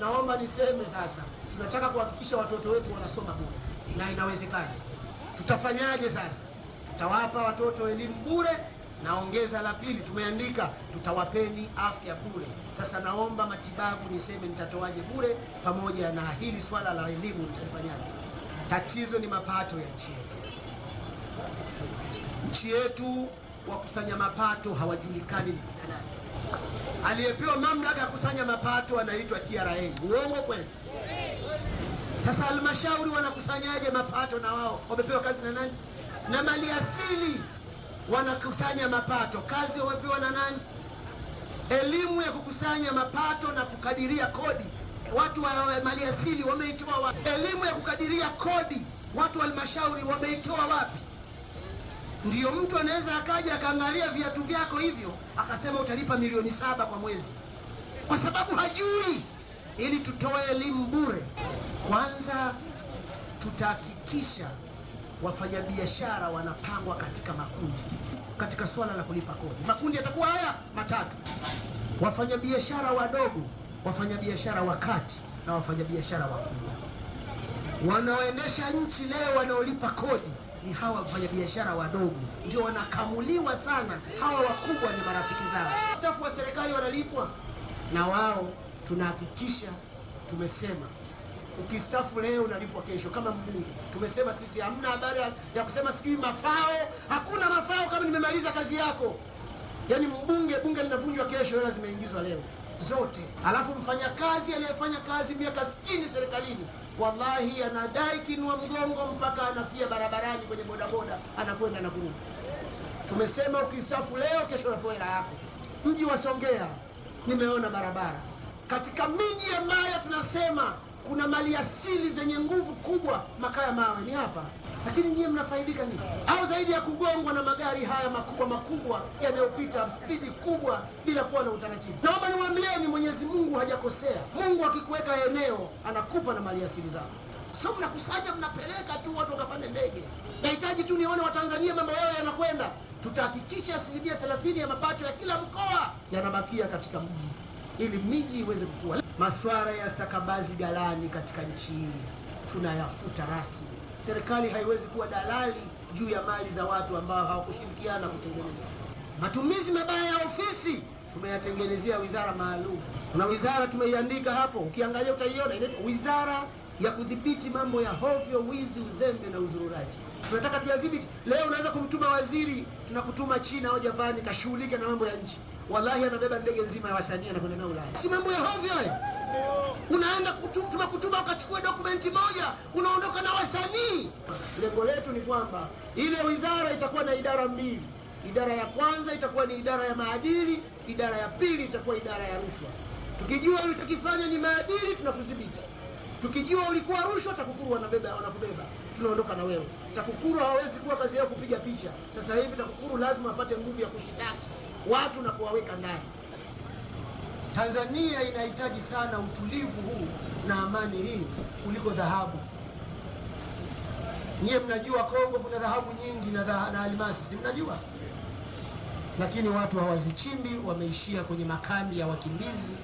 naomba niseme sasa, tunataka kuhakikisha watoto wetu wanasoma bure na inawezekana. Tutafanyaje sasa? Tutawapa watoto elimu bure na ongeza la pili tumeandika tutawapeni afya bure. Sasa naomba matibabu, niseme nitatoaje bure? Pamoja na hili swala la elimu nitafanyaje? Tatizo ni mapato ya nchi yetu. Nchi yetu wakusanya mapato hawajulikani ni kina nani aliyepewa mamlaka ya kusanya mapato anaitwa TRA. Uongo kweli? Sasa halmashauri wanakusanyaje mapato na wao wamepewa kazi na nani? Na maliasili wanakusanya mapato, kazi wamepewa na nani? Elimu ya kukusanya mapato na kukadiria kodi watu wa maliasili wameitoa wapi? Elimu ya kukadiria kodi watu wa halmashauri wameitoa wapi? Ndiyo mtu anaweza akaja akaangalia viatu vyako hivyo akasema utalipa milioni saba kwa mwezi, kwa sababu hajui. Ili tutoe elimu bure, kwanza tutahakikisha wafanyabiashara wanapangwa katika makundi katika swala la kulipa kodi. Makundi yatakuwa haya matatu: wafanyabiashara wadogo, wafanyabiashara wa kati na wafanyabiashara wakubwa. Wanaoendesha nchi leo wanaolipa kodi ni hawa wafanyabiashara wadogo ndio wanakamuliwa sana. Hawa wakubwa ni marafiki zao. Stafu wa serikali wanalipwa na wao. Tunahakikisha tumesema ukistafu leo unalipwa kesho. Kama mbunge tumesema sisi hamna habari ya kusema sijui mafao. Hakuna mafao kama nimemaliza kazi yako. Yaani mbunge bunge linavunjwa kesho, hela zimeingizwa leo zote, alafu mfanyakazi aliyefanya kazi miaka 60 serikalini, wallahi anadai kinua mgongo mpaka anafia barabarani kwenye bodaboda, anakwenda na kurudi. Tumesema ukistafu leo, kesho unapewa hela yako. Mji wa Songea nimeona barabara katika miji ya Maya, tunasema kuna mali asili zenye nguvu kubwa, makaa ya mawe ni hapa, lakini nyie mnafaidika nini? Au zaidi ya kugongwa na magari haya makubwa makubwa yanayopita spidi kubwa bila kuwa na utaratibu, naomba niwaambie Mwenyezi Mungu hajakosea. Mungu akikuweka eneo anakupa na mali asili zako, sio mnakusanya mnapeleka tu watu wakapande ndege. Nahitaji tu nione Watanzania mambo yao yanakwenda. Tutahakikisha asilimia thelathini ya mapato ya kila mkoa yanabakia katika mji ili miji iweze kukua. maswara ya stakabazi galani katika nchi hii tunayafuta rasmi. Serikali haiwezi kuwa dalali juu ya mali za watu ambao hawakushirikiana kutengeneza. Matumizi mabaya ya ofisi tumeyatengenezea wizara maalum. Kuna wizara tumeiandika hapo, ukiangalia utaiona inaitwa wizara ya kudhibiti mambo ya hovyo, wizi, uzembe na uzururaji. Tunataka tuyadhibiti. Leo unaweza kumtuma waziri, tunakutuma China au Japani kashughulike na mambo ya nchi. Wallahi anabeba ndege nzima ya wasanii anakwenda nayo Ulaya. Si mambo ya hovyo haya. Unaenda kutuma kutuma ukachukua dokumenti moja, unaondoka na wasanii. Lengo letu ni kwamba ile wizara itakuwa na idara mbili. Idara ya kwanza itakuwa ni idara ya maadili, idara ya pili itakuwa idara ya rushwa. Tukijua ulichokifanya ni maadili, tunakudhibiti. Tukijua ulikuwa rushwa, TAKUKURU wanabeba, wanakubeba, tunaondoka na wewe. TAKUKURU hawawezi kuwa kazi yao kupiga picha. Sasa hivi TAKUKURU lazima apate nguvu ya kushitaki watu na kuwaweka ndani. Tanzania inahitaji sana utulivu huu na amani hii kuliko dhahabu. Nyie mnajua Kongo kuna dhahabu nyingi na, dha, na almasi si mnajua, lakini watu hawazichimbi, wameishia kwenye makambi ya wakimbizi